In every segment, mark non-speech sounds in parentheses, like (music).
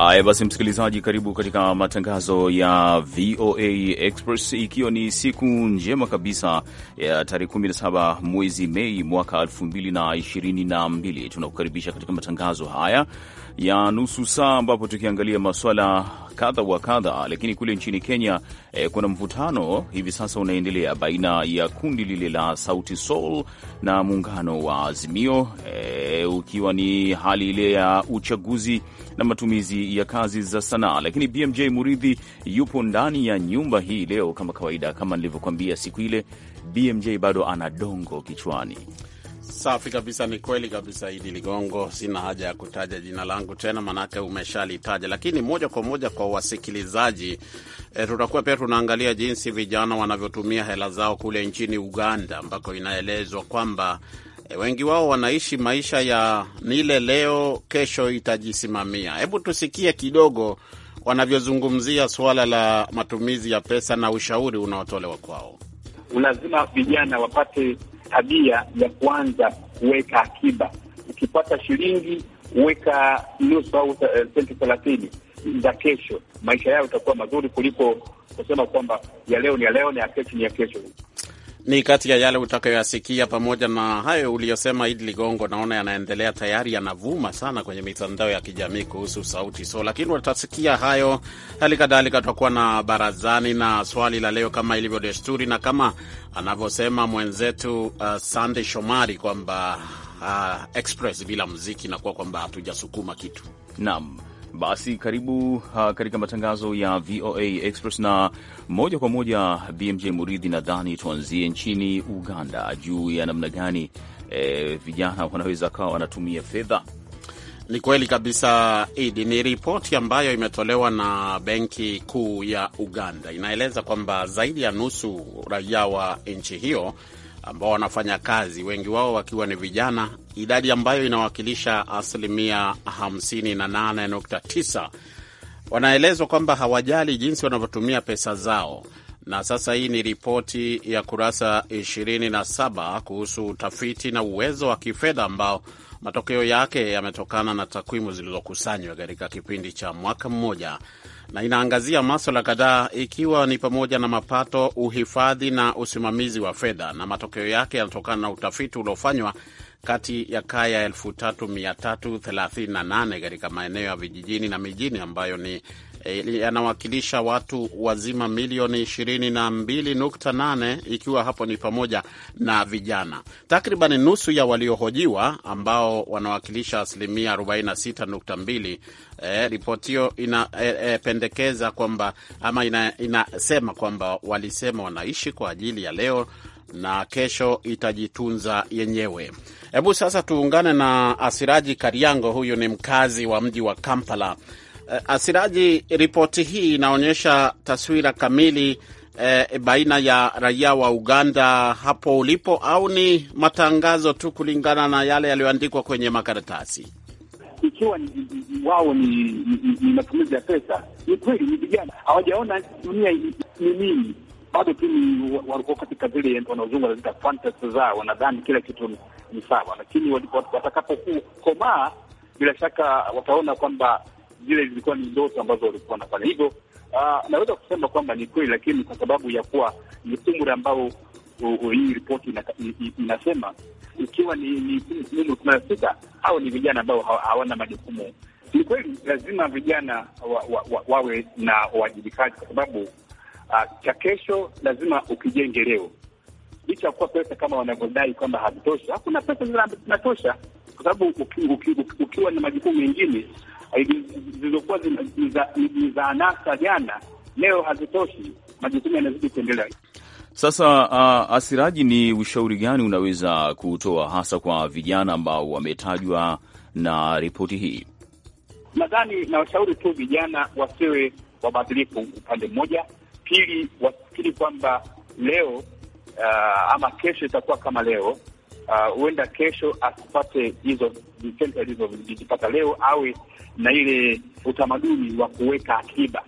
Haya basi, msikilizaji, karibu katika matangazo ya VOA Express, ikiwa ni siku njema kabisa ya tarehe 17 mwezi Mei mwaka 2022. Tunakukaribisha katika matangazo haya ya nusu saa ambapo tukiangalia maswala kadha wa kadha. Lakini kule nchini Kenya eh, kuna mvutano hivi sasa unaendelea baina ya kundi lile la Sauti Sol na muungano wa Azimio eh, ukiwa ni hali ile ya uchaguzi na matumizi ya kazi za sanaa. Lakini BMJ Muridhi yupo ndani ya nyumba hii leo kama kawaida, kama nilivyokuambia siku ile, BMJ bado ana dongo kichwani. Safi kabisa, ni kweli kabisa. Idi Ligongo, sina haja ya kutaja jina langu tena, manake umeshalitaja. Lakini moja kwa moja kwa wasikilizaji e, tutakuwa pia tunaangalia jinsi vijana wanavyotumia hela zao kule nchini Uganda, ambako inaelezwa kwamba e, wengi wao wanaishi maisha ya nile leo, kesho itajisimamia. Hebu tusikie kidogo wanavyozungumzia suala la matumizi ya pesa na ushauri unaotolewa kwao. Lazima vijana wapate tabia ya kuanza kuweka akiba. Ukipata shilingi weka nusu au eh, senti thelathini za kesho, maisha yao itakuwa mazuri kuliko kusema kwamba ya leo ni ya leo na ya kesho ni ya kesho. Ni kati ya yale utakayoyasikia pamoja na hayo uliyosema Idi Ligongo, naona yanaendelea tayari, yanavuma sana kwenye mitandao ya kijamii kuhusu Sauti So, lakini watasikia hayo. Hali kadhalika tutakuwa na barazani na swali la leo kama ilivyo desturi, na kama anavyosema mwenzetu uh, Sande Shomari kwamba uh, Express bila muziki nakuwa kwamba hatujasukuma kitu. Naam. Basi karibu uh, katika matangazo ya VOA Express na moja kwa moja. BMJ Muridhi, nadhani tuanzie nchini Uganda juu ya namna gani eh, vijana wanaweza kawa wanatumia fedha. Ni kweli kabisa Idi. Ni ripoti ambayo imetolewa na benki kuu ya Uganda, inaeleza kwamba zaidi ya nusu raia wa nchi hiyo ambao wanafanya kazi, wengi wao wakiwa ni vijana, idadi ambayo inawakilisha asilimia 58.9. Wanaelezwa kwamba hawajali jinsi wanavyotumia pesa zao. Na sasa hii ni ripoti ya kurasa 27 kuhusu utafiti na uwezo wa kifedha ambao matokeo yake yametokana na takwimu zilizokusanywa katika kipindi cha mwaka mmoja na inaangazia maswala kadhaa ikiwa ni pamoja na mapato, uhifadhi na usimamizi wa fedha, na matokeo yake yanatokana na utafiti uliofanywa kati ya kaya 3338 katika maeneo ya vijijini na mijini ambayo ni Eh, yanawakilisha watu wazima milioni 22.8 ikiwa hapo ni pamoja na vijana. Takriban nusu ya waliohojiwa ambao wanawakilisha asilimia 46.2. E, eh, ripoti hiyo inapendekeza eh, e, e, kwamba ama ina, inasema kwamba walisema wanaishi kwa ajili ya leo na kesho itajitunza yenyewe. Hebu sasa tuungane na Asiraji Kariango, huyu ni mkazi wa mji wa Kampala Eh, Asiraji, ripoti hii inaonyesha taswira kamili eh, baina ya raia wa Uganda hapo ulipo, au ni matangazo tu kulingana na yale yaliyoandikwa kwenye makaratasi? Ikiwa wao ni, ni, ni matumizi ya pesa, ni kweli, ni vijana hawajaona dunia ni nini bado tu ni walikuwa katika zile wanaozungu wanazita fantasy zao, wanadhani kila kitu ni sawa, lakini watakapokomaa, bila shaka wataona kwamba zile zilikuwa ni ndoto ambazo walikuwa wanafanya hivyo. Uh, naweza kusema kwamba ni kweli, lakini kwa sababu ya kuwa ni umri ambao hii ripoti inasema ikiwa ni umri kumi na sita au ni vijana ambao hawana majukumu, ni kweli lazima vijana wa, wa, wa, wawe na uwajibikaji kwa sababu uh, cha kesho lazima ukijenge leo. Licha ya kuwa pesa kama wanavyodai kwamba hazitosha, hakuna pesa zinatosha, kwa sababu ukiwa na majukumu mengine zilizokuwa ni za anasa jana, leo hazitoshi, majukumu yanazidi kuendelea. Sasa uh, Asiraji, ni ushauri gani unaweza kutoa hasa kwa vijana ambao wametajwa na ripoti hii? Nadhani na washauri tu vijana wasiwe wabadilifu upande mmoja. Pili, wafikiri kwamba leo uh, ama kesho itakuwa kama leo, Ah, huenda uh, kesho asipate hizo visenti alizozipata leo, awe na ile utamaduni wa kuweka akiba.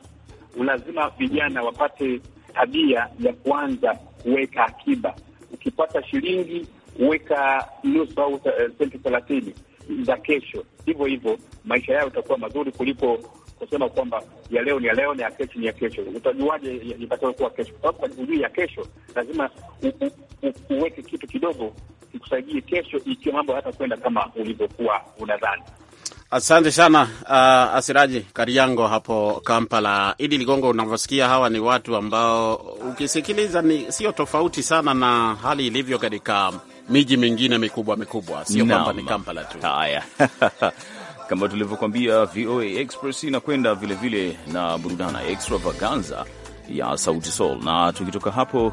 Lazima vijana wapate tabia ya kuanza kuweka akiba. Ukipata shilingi weka nusu au eh, senti thelathini za kesho, hivyo hivyo maisha yao itakuwa mazuri kuliko kusema kwamba ya leo ni ya leo na ya kesho ni ya kesho. Utajuaje ipatayo kuwa kesho? Kwa sababu hujui ya kesho, lazima uweke kitu kidogo ikusaidie kesho, ikiwa mambo kwenda kama ulivyokuwa unadhani. Asante sana uh, Asiraji Kariango hapo Kampala. Idi Ligongo, unavyosikia hawa ni watu ambao ukisikiliza ni sio tofauti sana na hali ilivyo katika miji mingine mikubwa mikubwa, sio kwamba ni Kampala tu. Haya (laughs) kama tulivyokwambia, VOA Express inakwenda vilevile na burudana extravaganza ya Sauti Sol, na tukitoka hapo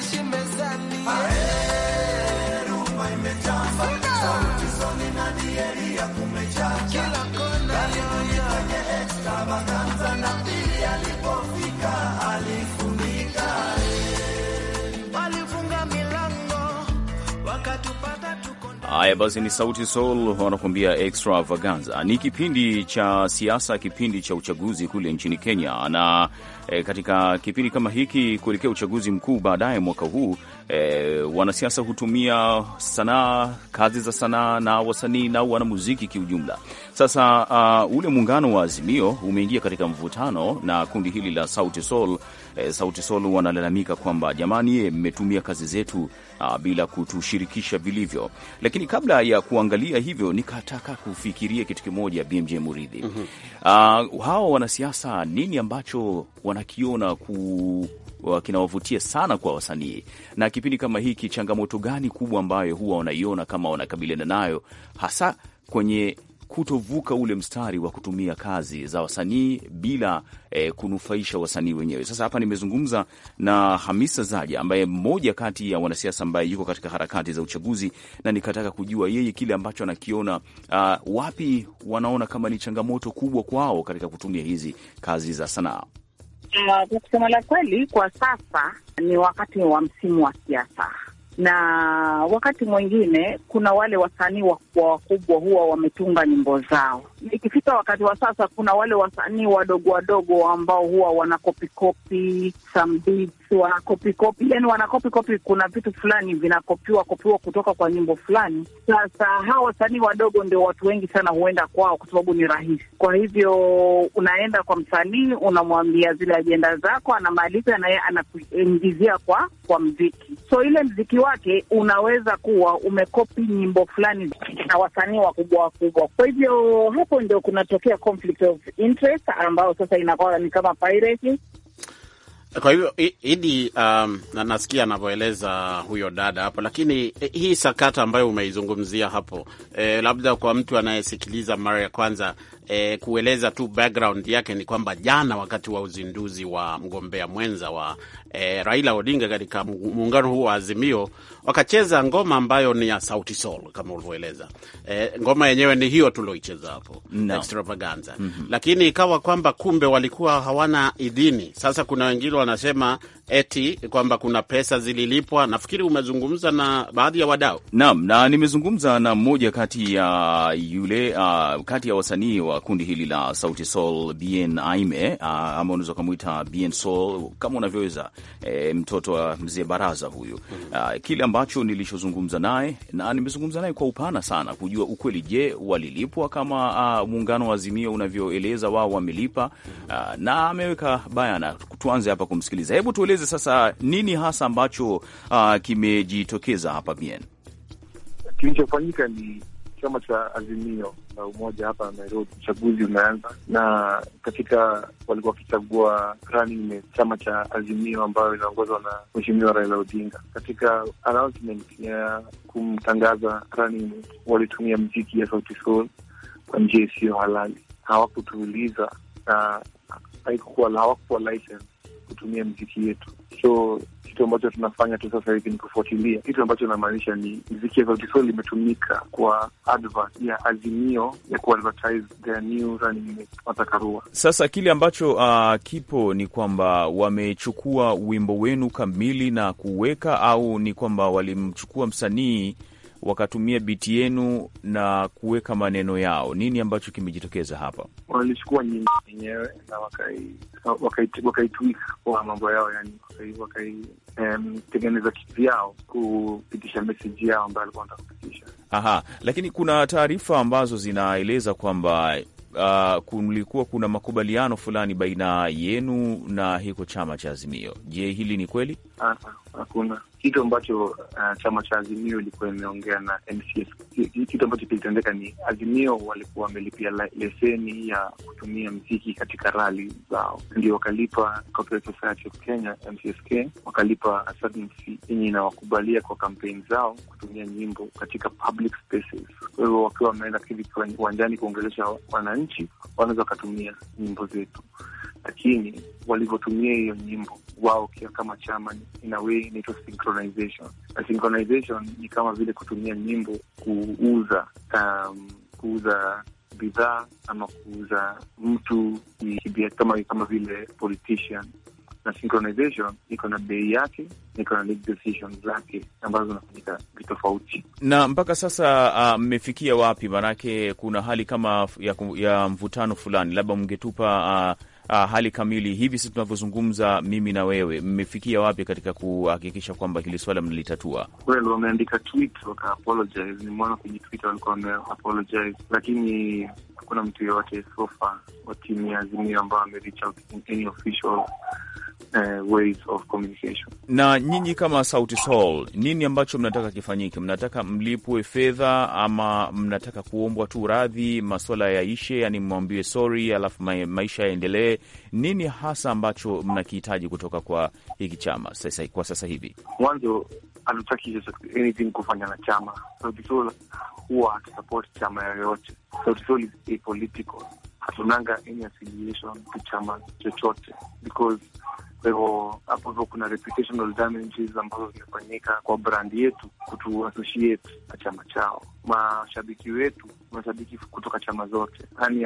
Haya basi, ni Sauti Sol wanakuambia extravaganza. Ni kipindi cha siasa, kipindi cha uchaguzi kule nchini Kenya, na e, katika kipindi kama hiki kuelekea uchaguzi mkuu baadaye mwaka huu e, wanasiasa hutumia sanaa, kazi za sanaa na wasanii na wanamuziki kiujumla. Sasa uh, ule muungano wa Azimio umeingia katika mvutano na kundi hili la Sauti Sol e, Sauti Solo wanalalamika kwamba jamani, mmetumia kazi zetu a, ah, bila kutushirikisha vilivyo. Lakini kabla ya kuangalia hivyo, nikataka kufikiria kitu kimoja, BMJ Muridhi. mm -hmm. Ah, hawa wanasiasa nini ambacho wanakiona ku kinawavutia sana kwa wasanii na kipindi kama hiki, changamoto gani kubwa ambayo huwa wanaiona kama wanakabiliana nayo hasa kwenye kutovuka ule mstari wa kutumia kazi za wasanii bila e, kunufaisha wasanii wenyewe. Sasa hapa nimezungumza na Hamisa Zaja ambaye mmoja kati ya wanasiasa ambaye yuko katika harakati za uchaguzi, na nikataka kujua yeye kile ambacho anakiona, uh, wapi wanaona kama ni changamoto kubwa kwao katika kutumia hizi kazi za sanaa. Ah, kwa kusema la kweli, kwa sasa ni wakati wa msimu wa siasa na wakati mwingine kuna wale wasanii wakubwa wakubwa huwa wametunga nyimbo zao. Ikifika wakati wa sasa, kuna wale wasanii wadogo wadogo ambao huwa wanakopikopi some beats, wanakopikopi yani wanakopikopi, kuna vitu fulani vinakopiwa kopiwa kutoka kwa nyimbo fulani. Sasa hawa wasanii wadogo ndio watu wengi sana huenda kwao, kwa sababu ni rahisi. Kwa hivyo unaenda kwa msanii, unamwambia zile ajenda zako, anamaliza naye anakuingizia kwa kwa mziki, so ile mziki wa wake unaweza kuwa umekopi nyimbo fulani na wasanii wakubwa wakubwa. Kwa hivyo hapo ndio kunatokea conflict of interest ambayo sasa inakuwa ni kama piracy. Kwa hivyo Idi, um, na nasikia anavyoeleza huyo dada hapo, lakini eh, hii sakata ambayo umeizungumzia hapo eh, labda kwa mtu anayesikiliza mara ya kwanza e, kueleza tu background yake ni kwamba jana wakati wa uzinduzi wa mgombea mwenza wa e, Raila Odinga katika muungano huu wa Azimio wakacheza ngoma ambayo ni ya Sauti Sol kama ulivyoeleza. E, ngoma yenyewe ni hiyo tulioicheza hapo no. Extravaganza mm -hmm. Lakini ikawa kwamba kumbe walikuwa hawana idhini. Sasa kuna wengine wanasema eti kwamba kuna pesa zililipwa. Nafikiri umezungumza na baadhi ya wadau. Naam, na nimezungumza na mmoja kati ya yule uh, kati ya wasanii wa kundi hili la Sauti Sol, Bien Aime uh, ama unaweza ukamwita Bien Sol kama unavyoweza, eh, mtoto wa mzee Baraza huyu uh, kile ambacho nilichozungumza naye na nimezungumza naye kwa upana sana kujua ukweli. Je, walilipwa kama uh, muungano wa Azimio unavyoeleza wao wamelipa? Uh, na ameweka bayana. Tuanze hapa kumsikiliza, hebu tueleze tueleze sasa nini hasa ambacho uh, kimejitokeza hapa BN. Kilichofanyika ni chama cha Azimio la Umoja hapa Nairobi, uchaguzi umeanza na katika walikuwa wakichagua running mate, chama cha Azimio ambayo inaongozwa na Mheshimiwa Raila Odinga. Katika announcement ya kumtangaza running mate, walitumia mziki ya Sauti Sol kwa njia isiyo halali, hawakutuuliza na haikuwa hawakuwa license kutumia mziki yetu. So kitu ambacho tunafanya tu sasa hivi ni kufuatilia kitu ambacho inamaanisha ni mziki ya Sauti Sol imetumika kwa advert ya Azimio ya kuadvertise their new running Matakarua. Sasa kile ambacho uh, kipo ni kwamba wamechukua wimbo wenu kamili na kuweka, au ni kwamba walimchukua msanii wakatumia biti yenu na kuweka maneno yao. Nini ambacho kimejitokeza hapa? Walichukua nyimbo yenyewe na wakaitumika kwa mambo yao, yani wakaitengeneza kitu yao kupitisha meseji yao ambayo alikuwa wanataka kupitisha. Aha, lakini kuna taarifa ambazo zinaeleza kwamba Uh, kulikuwa kuna makubaliano fulani baina yenu na hiko chama cha Azimio. Je, hili ni kweli? Ah, hakuna kitu ambacho uh, chama cha Azimio ilikuwa imeongea na MCS. Kitu ambacho kilitendeka ni Azimio walikuwa wamelipia leseni ya kutumia mziki katika rali zao, ndio wakalipa Copyright Society of Kenya MCSK, wakalipa yenye inawakubalia kwa kampeni zao kutumia nyimbo katika public spaces. Kwa hivyo wakiwa wameenda kivi uwanjani kuongelesha wananchi, wanaweza wakatumia nyimbo zetu lakini walivyotumia hiyo nyimbo wao kama chama in a way inaitwa synchronization, na synchronization ni kama vile kutumia nyimbo kuuza, um, kuuza bidhaa ama kuuza mtu kama, kama vile politician na synchronization iko na bei yake, iko na decision zake ambazo zinafanyika vitofauti. Na mpaka sasa uh, mmefikia uh, wapi? Maanake kuna hali kama ya, ya mvutano fulani, labda mngetupa uh, uh, hali kamili hivi sasa tunavyozungumza mimi na wewe, mmefikia wapi katika kuhakikisha kwamba hili swala mnalitatua? Kweli wameandika tweet waka apologize, nimeona kwenye tt walikuwa wame apologize, lakini hakuna mtu yeyote sofa wa timu ya Azimio ambayo ame any official uh, ways of communication. Na nyinyi kama Sauti Sol, nini ambacho mnataka kifanyike? Mnataka mlipwe fedha ama mnataka kuombwa tu radhi, maswala yaishe, yani mwambiwe sorry, alafu ma maisha yaendelee? Nini hasa ambacho mnakihitaji kutoka kwa hiki chama sasa, kwa sasa hivi? Mwanzo hatutaki anything kufanya na chama. Sauti Sol huwa hatusapoti chama yoyote. Sauti Sol is apolitical. Hatunanga any affiliation to chama chochote because kwa hivyo hapo hivyo kuna reputational damages ambazo zimefanyika kwa brandi yetu kutu associate na chama chao. Mashabiki wetu, mashabiki kutoka chama zote, yani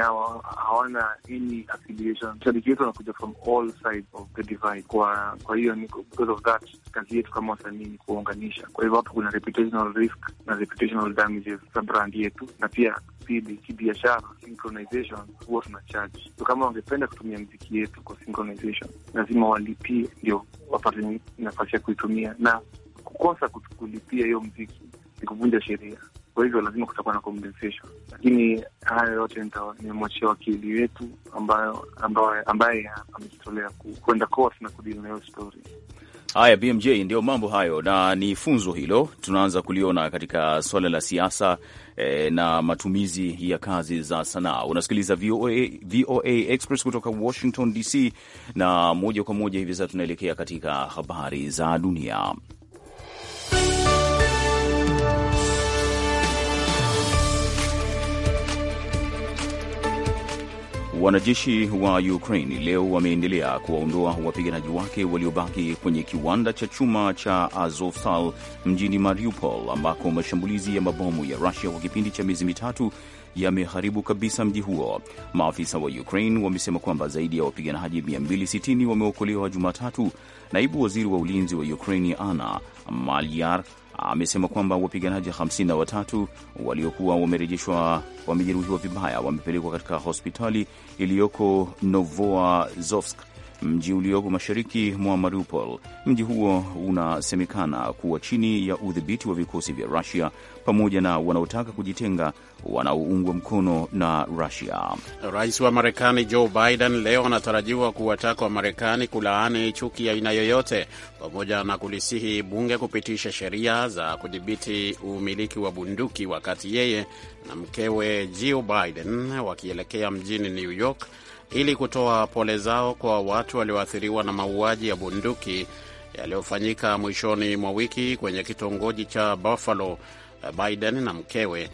hawana any affiliation. Mashabiki wetu wanakuja from all sides of the divide. Kwa kwa hiyo ni because of that, kazi yetu kama wasanii ni kuunganisha. Kwa hivyo hapo kuna reputational risk na reputational damages za brandi yetu na pia speed kibiashara, synchronization huwa tuna charge. So kama wangependa kutumia mziki yetu kwa synchronization, lazima walipie ndio wapate nafasi ya kuitumia, na kukosa kulipia hiyo mziki ni kuvunja sheria. Kwa hivyo lazima kutakuwa na compensation, lakini haya yote nimemwachia wakili wetu ambaye amejitolea kwenda court na kudili na hiyo story. Haya, BMJ, ndio mambo hayo, na ni funzo hilo tunaanza kuliona katika swala la siasa e, na matumizi ya kazi za sanaa. Unasikiliza VOA, VOA Express kutoka Washington DC, na moja kwa moja hivi sasa tunaelekea katika habari za dunia. Wanajeshi wa Ukraine leo wameendelea kuwaondoa wapiganaji wake waliobaki kwenye kiwanda cha chuma cha Azovstal mjini Mariupol, ambako mashambulizi ya mabomu ya Rusia kwa kipindi cha miezi mitatu yameharibu kabisa mji huo. Maafisa wa Ukraine wamesema kwamba zaidi ya wapiganaji 260 wameokolewa Jumatatu. Naibu waziri wa ulinzi wa Ukraine Ana Malyar amesema kwamba wapiganaji 53 waliokuwa wamerejeshwa wamejeruhiwa vibaya, wamepelekwa katika hospitali iliyoko Novoazovsk mji ulioko mashariki mwa Mariupol. Mji huo unasemekana kuwa chini ya udhibiti wa vikosi vya Rusia pamoja na wanaotaka kujitenga wanaoungwa mkono na Rusia. Rais wa Marekani Joe Biden leo anatarajiwa kuwataka wa marekani kulaani chuki ya aina yoyote pamoja na kulisihi bunge kupitisha sheria za kudhibiti umiliki wa bunduki, wakati yeye na mkewe Jill Biden wakielekea mjini New York ili kutoa pole zao kwa watu walioathiriwa na mauaji ya bunduki yaliyofanyika mwishoni mwa wiki kwenye kitongoji cha Buffalo. Biden na mkewe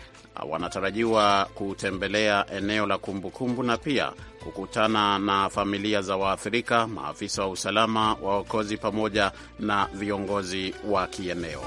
wanatarajiwa kutembelea eneo la kumbukumbu na pia kukutana na familia za waathirika, maafisa wa usalama, waokozi pamoja na viongozi wa kieneo.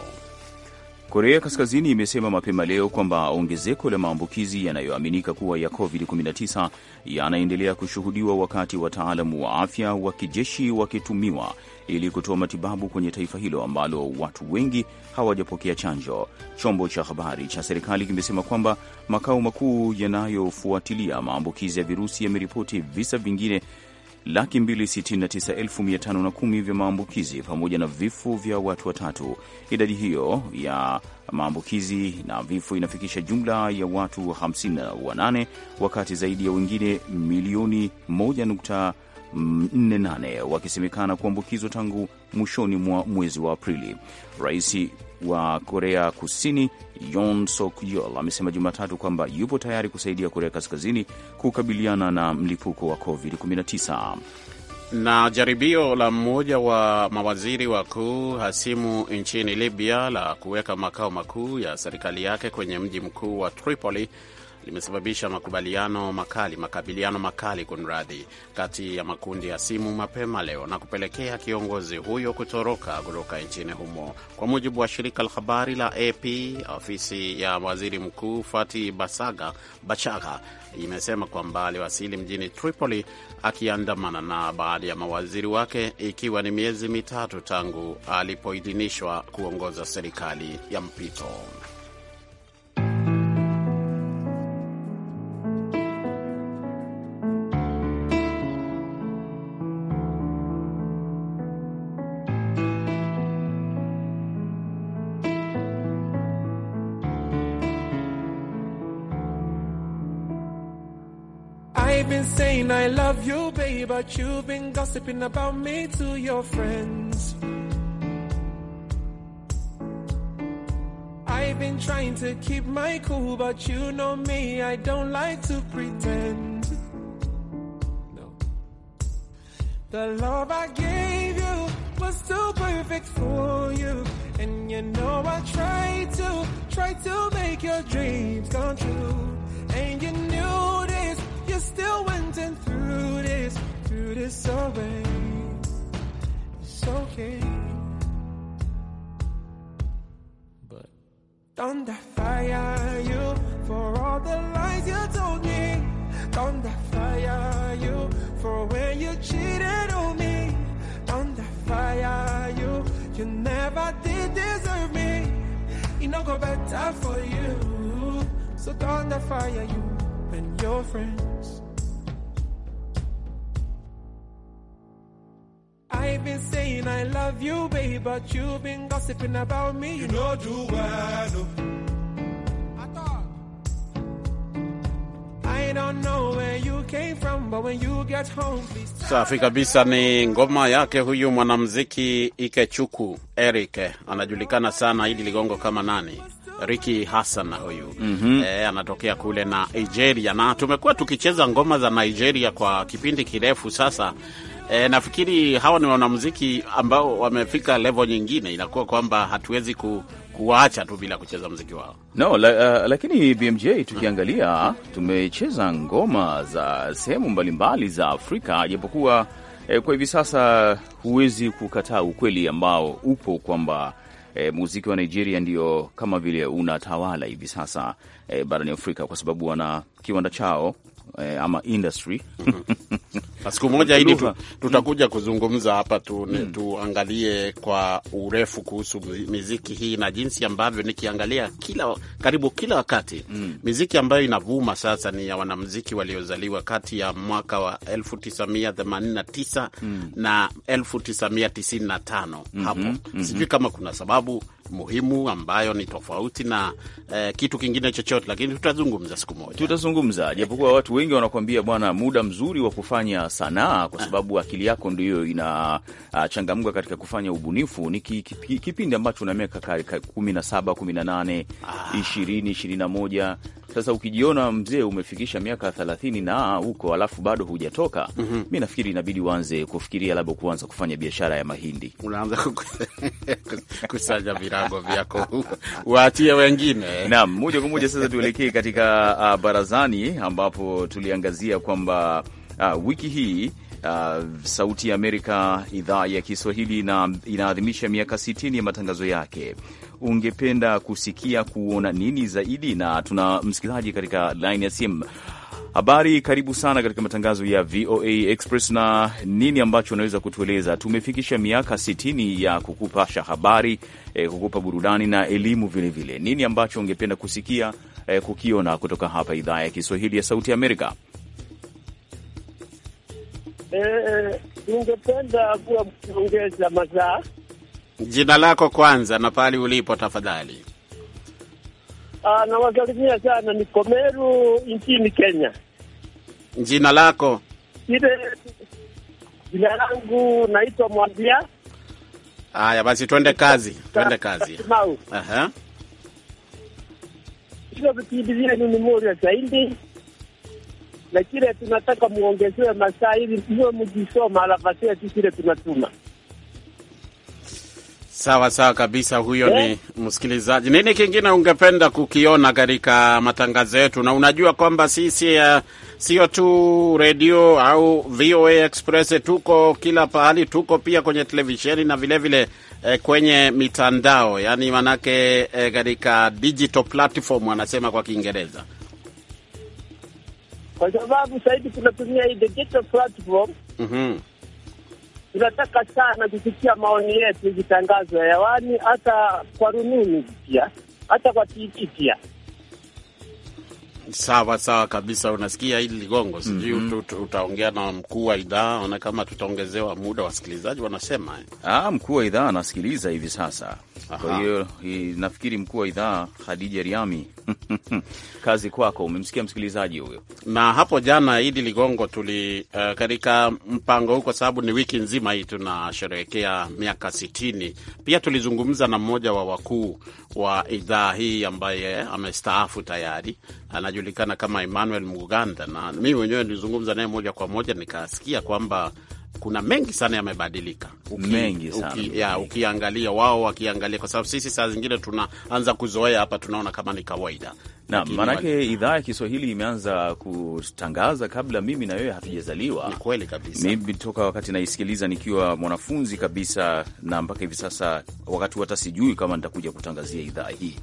Korea Kaskazini imesema mapema leo kwamba ongezeko la maambukizi yanayoaminika kuwa ya COVID-19 yanaendelea kushuhudiwa wakati wataalamu wa afya wa kijeshi wakitumiwa ili kutoa matibabu kwenye taifa hilo ambalo watu wengi hawajapokea chanjo. Chombo cha habari cha serikali kimesema kwamba makao makuu yanayofuatilia maambukizi ya virusi yameripoti visa vingine laki 269,510 vya maambukizi pamoja na vifo vya watu watatu. Idadi hiyo ya maambukizi na vifo inafikisha jumla ya watu 58 wakati zaidi ya wengine milioni 1 48 wakisemekana kuambukizwa tangu mwishoni mwa mwezi wa Aprili. Rais wa Korea Kusini Yoon Suk Yeol amesema Jumatatu kwamba yupo tayari kusaidia Korea Kaskazini kukabiliana na mlipuko wa COVID-19. Na jaribio la mmoja wa mawaziri wakuu hasimu nchini Libya la kuweka makao makuu ya serikali yake kwenye mji mkuu wa Tripoli limesababisha makubaliano makali makabiliano makali kunradhi, kati ya makundi ya simu mapema leo na kupelekea kiongozi huyo kutoroka kutoka nchini humo. Kwa mujibu wa shirika la habari la AP, ofisi ya waziri mkuu Fati Basaga Bachaga imesema kwamba aliwasili mjini Tripoli akiandamana na baadhi ya mawaziri wake, ikiwa ni miezi mitatu tangu alipoidhinishwa kuongoza serikali ya mpito. saying I love you, babe, but you've been gossiping about me to your friends. I've been trying to keep my cool, but you know me, I don't like to pretend. No. The love I gave you was too perfect for you. And you know I tried to, try to make your dreams come true. And you knew this still winding through this, through this away. It's okay. But thunder fire you for all the lies you told me. Thunder fire you for when you cheated on me. Thunder fire you, you never did deserve me. It no go better for you. So thunder fire you. and your friends. I've been saying I love you, babe, but you've been gossiping about me. You know, do well. I thought. I don't know where you came from, but when you get home, please. Safi kabisa, ni ngoma yake huyu mwanamuziki Ikechuku Eric, anajulikana sana Idi Ligongo kama nani? Riki Hassan huyu mm -hmm. E, anatokea kule na Nigeria na tumekuwa tukicheza ngoma za Nigeria kwa kipindi kirefu sasa. E, nafikiri hawa ni wanamuziki ambao wamefika levo nyingine, inakuwa kwamba hatuwezi ku, kuwaacha tu bila kucheza muziki wao no la, uh, lakini BMJ tukiangalia tumecheza ngoma za sehemu mbalimbali za Afrika japokuwa eh, kwa hivi sasa huwezi kukataa ukweli ambao upo kwamba e, muziki wa Nigeria ndio kama vile unatawala hivi sasa e, barani Afrika kwa sababu wana kiwanda chao e, ama industry mm-hmm. (laughs) siku moja hili tutakuja kuzungumza hapa tu, mm. tuangalie kwa urefu kuhusu miziki hii na jinsi ambavyo nikiangalia kila karibu kila wakati mm. miziki ambayo inavuma sasa ni ya wanamziki waliozaliwa kati ya mwaka wa 1989 mm. na 1995 mhm. hapo mm -hmm. sijui kama kuna sababu muhimu ambayo ni tofauti na eh, kitu kingine chochote, lakini tutazungumza siku moja, tutazungumza japokuwa watu wengi wanakuambia bwana, muda mzuri wa kufanya sanaa kwa sababu akili yako ndiyo inachangamka ah, katika kufanya ubunifu ni kipindi ki, ki, ambacho una miaka kumi na saba kumi na nane ah. ishirini ishirini na moja sasa ukijiona mzee umefikisha miaka thelathini na huko alafu bado hujatoka, mm -hmm. Mi nafikiri inabidi uanze kufikiria labda kuanza kufanya biashara ya mahindi, unaanza (laughs) virago vyako (laughs) waachie wengine. Naam, moja kwa moja sasa tuelekee katika uh, barazani ambapo tuliangazia kwamba uh, wiki hii Uh, Sauti ya Amerika idhaa ya Kiswahili na inaadhimisha miaka 60 ya matangazo yake. Ungependa kusikia kuona nini zaidi? Na tuna msikilizaji katika laini ya simu Habari, karibu sana katika matangazo ya VOA Express. Na nini ambacho unaweza kutueleza? Tumefikisha miaka sitini ya kukupasha habari eh, kukupa burudani na elimu vilevile Nini ambacho ungependa kusikia eh, kukiona kutoka hapa idhaa ya Kiswahili ya Sauti Amerika? Eh, kuwa mkiongeza mazaa. Jina lako kwanza na pahali ulipo tafadhali. Ah, nawasalimia sana, niko Meru nchini Kenya. Jina lako? Jina langu naitwa Mwambia. Haya basi, twende kazi, twende kazi. Aha, hivyo vipindi vyenu ni zaidi, na kile tunataka muongezewe masaa ili mwe mjisoma, alafu sisi kile tunatuma Sawa sawa kabisa, huyo yeah. Ni eh? msikilizaji. Nini kingine ungependa kukiona katika matangazo yetu? Na unajua kwamba sisi eh, sio tu redio au VOA Express, eh, tuko kila pahali, tuko pia kwenye televisheni na vilevile vile, eh, kwenye mitandao, yaani manake katika eh, digital platform wanasema kwa Kiingereza, kwa sababu sahivi tunatumia hii digital platform mm -hmm tunataka sana kusikia maoni yetu ikitangazwa hewani, hata kwa rununu pia, hata kwa TV pia. Sawa sawa kabisa, unasikia hili ligongo. Sijui mm -hmm. Utaongea na mkuu wa idhaa, ona kama tutaongezewa muda. Wasikilizaji wanasema eh? Ah, mkuu wa idhaa anasikiliza hivi sasa. Kwa hiyo nafikiri mkuu wa idhaa hadija Riami (laughs) (laughs) Kazi kwako. Umemsikia msikilizaji huyo. Na hapo jana, Idi Ligongo, tuli uh, katika mpango huu, kwa sababu ni wiki nzima hii tunasherehekea miaka sitini, pia tulizungumza na mmoja wa wakuu wa idhaa hii ambaye amestaafu tayari, anajulikana kama Emmanuel Muganda, na mimi mwenyewe nilizungumza naye moja kwa moja, nikasikia kwamba kuna mengi sana yamebadilika, uki, uki, ya, ukiangalia wao wakiangalia, kwa sababu sisi saa zingine tunaanza kuzoea hapa, tunaona kama ni kawaida na maanake idhaa ya Kiswahili imeanza kutangaza kabla mimi na wewe hatujazaliwa. Ni kweli kabisa. Mimi toka wakati naisikiliza nikiwa mwanafunzi kabisa, na mpaka hivi sasa, wakati hata sijui kama nitakuja kutangazia idhaa hii.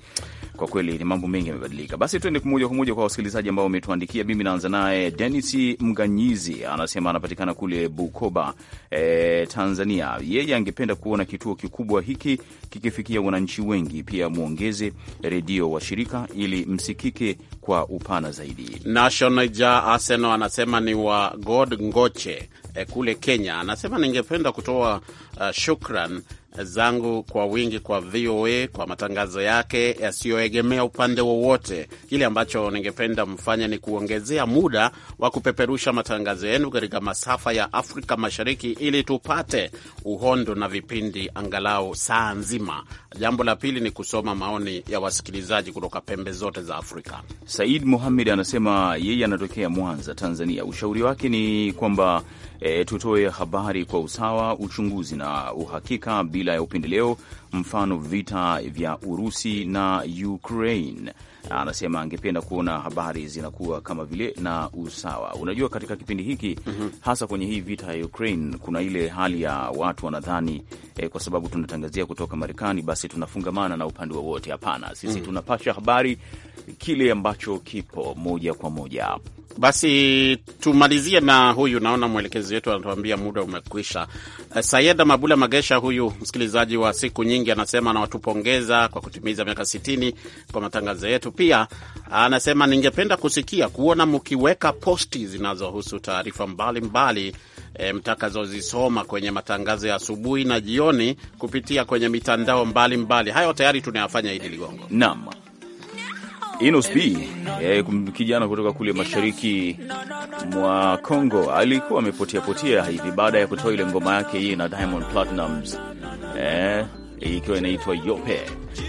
Kwa kweli ni mambo mengi yamebadilika. Basi tuende moja kwa moja kwa wasikilizaji ambao wametuandikia. Mimi naanza naye Denis Mganyizi, anasema anapatikana kule Bukoba, e, Tanzania. Yeye angependa kuona kituo kikubwa hiki kikifikia wananchi wengi, pia mwongeze redio wa shirika ili msikike kwa upana zaidi. Nationja Aseno anasema ni wa God Ngoche eh, kule Kenya, anasema ningependa kutoa uh, shukran zangu kwa wingi kwa VOA kwa matangazo yake yasiyoegemea upande wowote. Kile ambacho ningependa mfanye ni kuongezea muda wa kupeperusha matangazo yenu katika masafa ya Afrika Mashariki ili tupate uhondo na vipindi angalau saa nzima. Jambo la pili ni kusoma maoni ya wasikilizaji kutoka pembe zote za Afrika. Said Muhamed anasema yeye anatokea Mwanza, Tanzania. Ushauri wake ni kwamba e, tutoe habari kwa usawa, uchunguzi na uhakika bila ya upendeleo, mfano vita vya Urusi na Ukraine. Anasema angependa kuona habari zinakuwa kama vile na usawa. Unajua, katika kipindi hiki mm -hmm. hasa kwenye hii vita ya Ukraine kuna ile hali ya watu wanadhani eh, kwa sababu tunatangazia kutoka Marekani basi tunafungamana na upande wowote. Hapana, sisi mm -hmm. tunapasha habari kile ambacho kipo moja kwa moja. Basi tumalizie na huyu, naona mwelekezi wetu anatuambia muda umekwisha. Eh, Sayeda Mabula Magesha, huyu msikilizaji wa siku nyingi, anasema anawatupongeza kwa kutimiza miaka sitini kwa matangazo yetu. Pia anasema ningependa kusikia kuona mkiweka posti zinazohusu taarifa mbalimbali e, mtakazozisoma kwenye matangazo ya asubuhi na jioni kupitia kwenye mitandao mbalimbali mbali. Hayo tayari tunayafanya, Idi Ligongo. Naam. Inos B eh, kijana kutoka kule mashariki mwa Kongo alikuwa amepotea potea hivi baada ya kutoa ile ngoma yake hii na Diamond Platnumz eh, ikiwa inaitwa Yope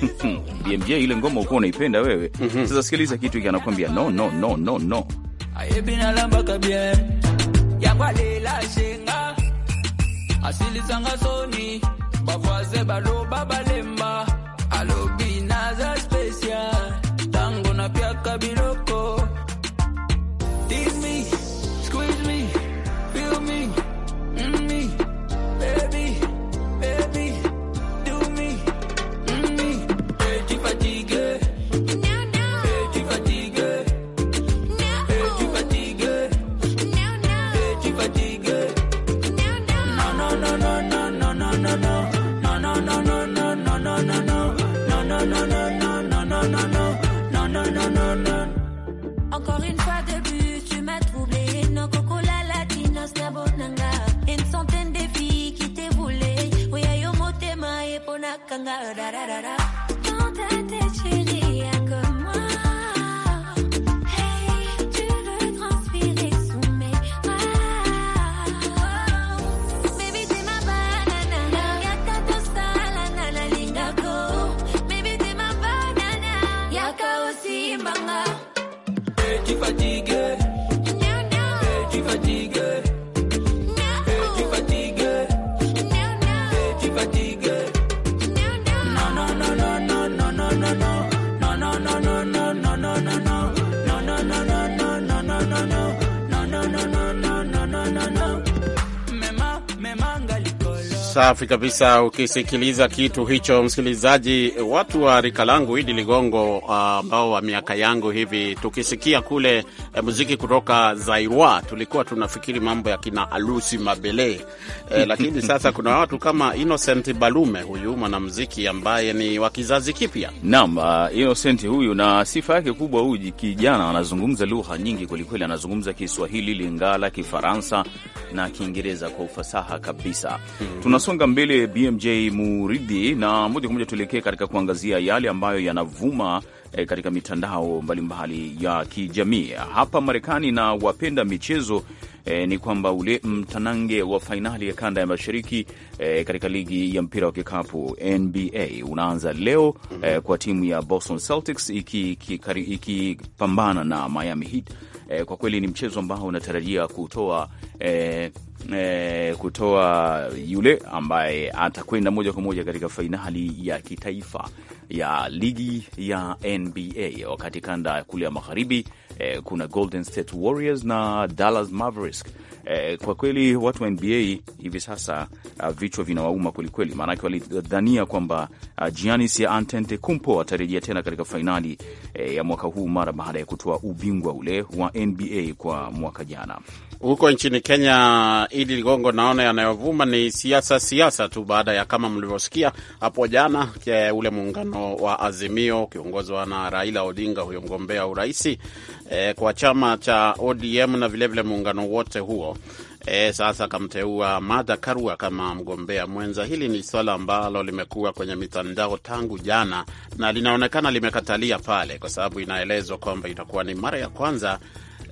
(laughs) BMJ, ile ngoma ukuwa unaipenda wewe. mm -hmm. Sasa sikiliza kitu hiki anakuambia, no no no no no asili balo babalemba alo safi kabisa. Ukisikiliza kitu hicho, msikilizaji, watu wa rika langu Idi Ligongo ah, ambao uh, wa miaka yangu hivi, tukisikia kule eh, muziki kutoka Zairwa tulikuwa tunafikiri mambo ya kina Alusi Mabele eh, (laughs) lakini sasa kuna watu kama Innocent Balume, huyu mwanamuziki ambaye ni wa kizazi kipya. Naam, uh, Innocent huyu na sifa yake kubwa, huyu kijana anazungumza lugha nyingi kwelikweli, anazungumza Kiswahili, Lingala, Kifaransa na Kiingereza kwa ufasaha kabisa. mm -hmm. tunasonga tunasonga mbele BMJ Muridhi, na moja kwa moja tuelekee katika kuangazia yale ambayo yanavuma eh, katika mitandao mbalimbali mbali ya kijamii hapa Marekani na wapenda michezo e, ni kwamba ule mtanange wa fainali ya kanda ya mashariki e, katika ligi ya mpira wa kikapu NBA unaanza leo e, kwa timu ya Boston Celtics ikipambana iki, na Miami Heat. E, kwa kweli ni mchezo ambao unatarajia kutoa e, eh, kutoa yule ambaye atakwenda moja kwa moja katika fainali ya kitaifa ya ligi ya NBA, wakati kanda kule ya magharibi eh, kuna Golden State Warriors na Dallas Mavericks eh, kwa kweli watu wa NBA hivi sasa uh, vichwa vinawauma kwelikweli, maanake walidhania kwamba uh, Giannis ya Antetokounmpo atarejea tena katika fainali eh, ya mwaka huu mara baada ya kutoa ubingwa ule wa NBA kwa mwaka jana. Huko nchini Kenya, Idi Ligongo, naona yanayovuma ni siasa siasa tu, baada ya kama mlivyosikia hapo jana eh, ule muungano wa Azimio ukiongozwa na Raila Odinga, huyo mgombea uraisi e, kwa chama cha ODM na vilevile muungano wote huo. E, sasa akamteua Martha Karua kama mgombea mwenza. Hili ni swala ambalo limekuwa kwenye mitandao tangu jana na linaonekana limekatalia pale, kwa sababu inaelezwa kwamba itakuwa ni mara ya kwanza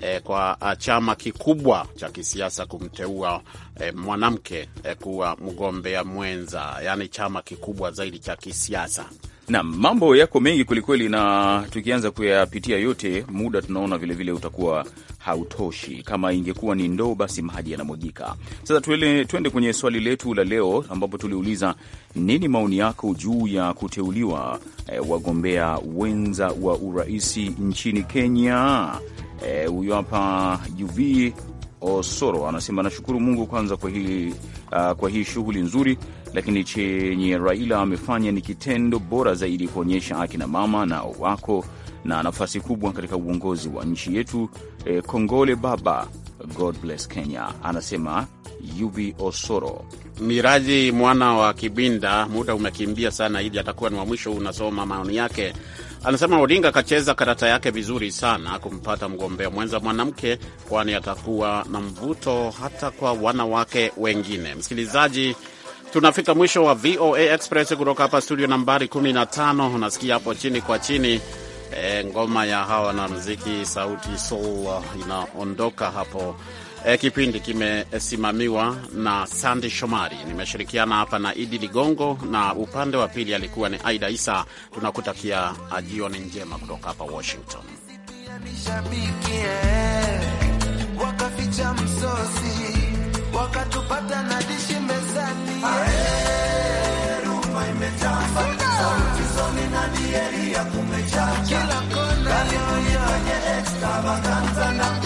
e, kwa chama kikubwa cha kisiasa kumteua e, mwanamke e, kuwa mgombea mwenza, yaani chama kikubwa zaidi cha kisiasa na mambo yako mengi kwelikweli, na tukianza kuyapitia yote, muda tunaona vilevile utakuwa hautoshi. Kama ingekuwa ni ndoo, basi maji yanamwagika. Sasa tuele, tuende kwenye swali letu la leo, ambapo tuliuliza nini maoni yako juu ya kuteuliwa e, wagombea wenza wa uraisi nchini Kenya. Eh, huyu e, hapa UV Osoro anasema nashukuru Mungu kwanza kwa hii, uh, ah, kwa hii shughuli nzuri lakini chenye Raila amefanya ni kitendo bora zaidi kuonyesha akina mama nao wako na nafasi kubwa katika uongozi wa nchi yetu. E, kongole baba, God bless Kenya, anasema Yubi Osoro. Miraji mwana wa Kibinda, muda umekimbia sana, ili atakuwa ni wa mwisho. Unasoma maoni yake, anasema Odinga akacheza karata yake vizuri sana kumpata mgombea mwenza mwanamke, kwani atakuwa na mvuto hata kwa wanawake wengine. Msikilizaji Tunafika mwisho wa VOA Express kutoka hapa studio nambari 15. Unasikia hapo chini kwa chini e, ngoma ya hawa na mziki sauti soul ah, inaondoka hapo. E, kipindi kimesimamiwa na Sandi Shomari, nimeshirikiana hapa na Idi Ligongo na upande wa pili alikuwa ni Aida Isa. Tunakutakia jioni njema kutoka hapa Washington. Eh, wakatupata na dishi mezani. Rumba imetamba, sauti zoni na dieria kumejaa kila kona, kwenye extravaganza na